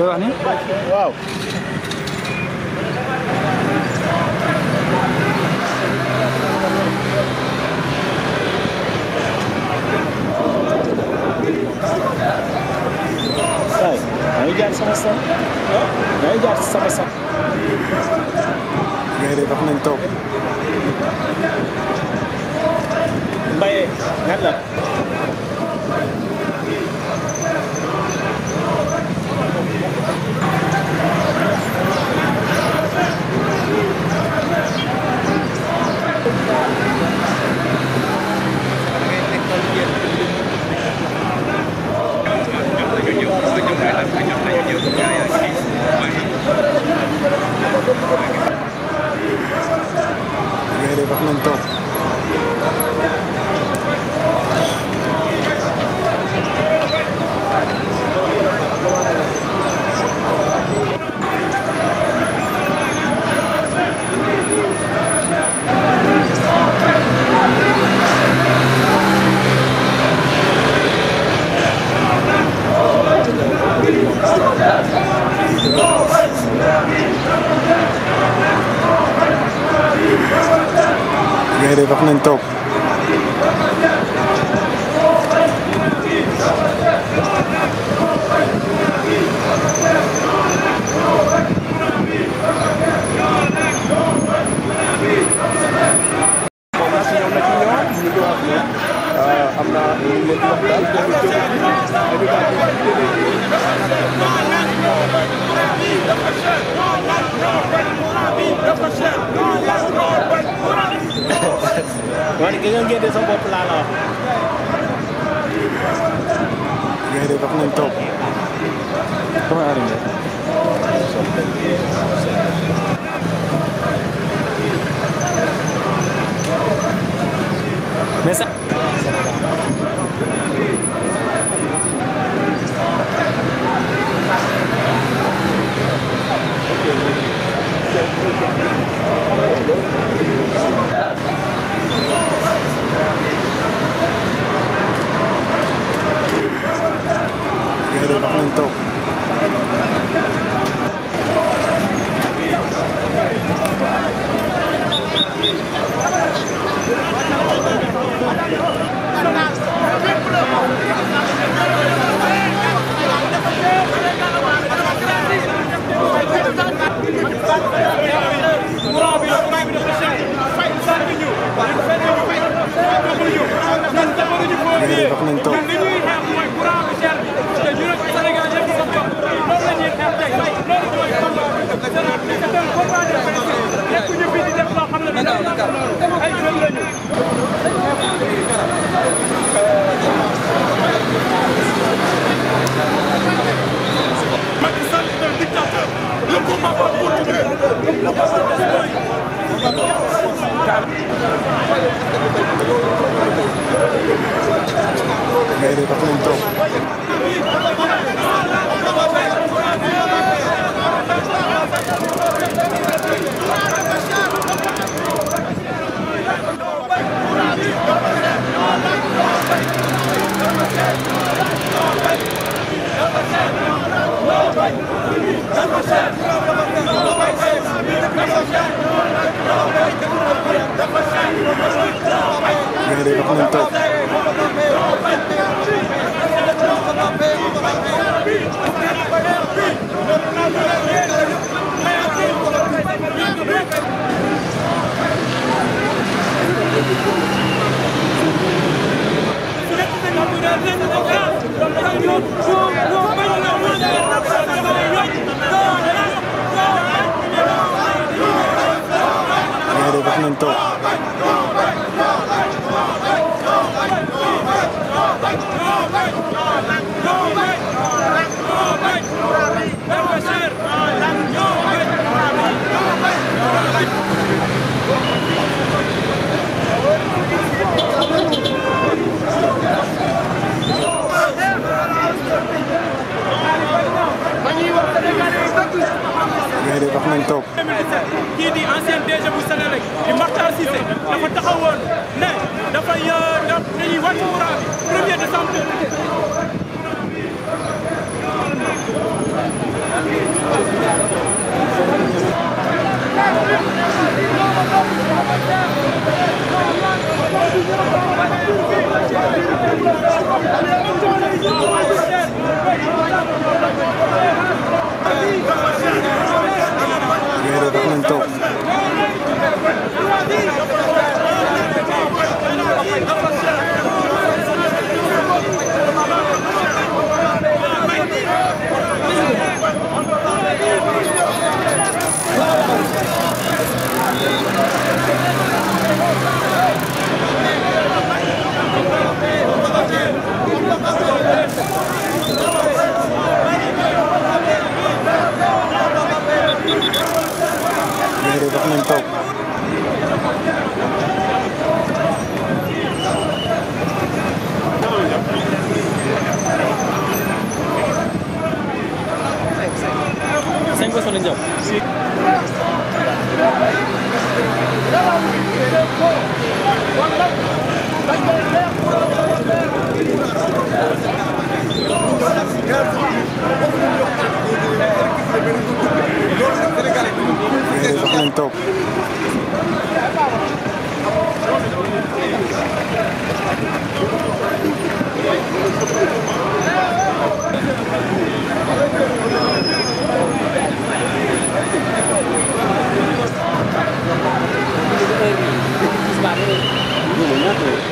Bawah ni? Wow. Sai. Aí já sama-sama. Aí já sama-sama. Gede tak mentok. Baik, ngalah. development nhân dân bột là lò gây được các liên tục các bạn đừng Mesela momento. eh, departamento. Viene el d a t a m n t o احنا انتوا kii di ancien DG bu Senelec di Makhtar Cissé dafa taxawoon ne dafay dañuy wàcc courant bi premier décembre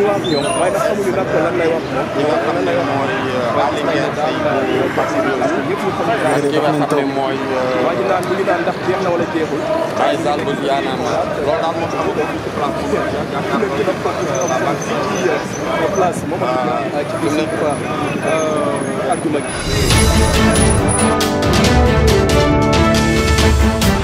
ñu wax ñoom waaye nag xamuñu nag lan lay wax moom. li nga xam ne mooy Aly Ngeng Sy bu Barcelone. parce que ñëpp ñu xam ne ki nga xam ne mooy. waa ji naan mu ngi naan ndax jeex na wala jeexul. waaye Sall bu yaanaam loolu daal moo xamul ci place bi. yaakaar naa ne la banque ci place moom ak ci biir àjjuma gi.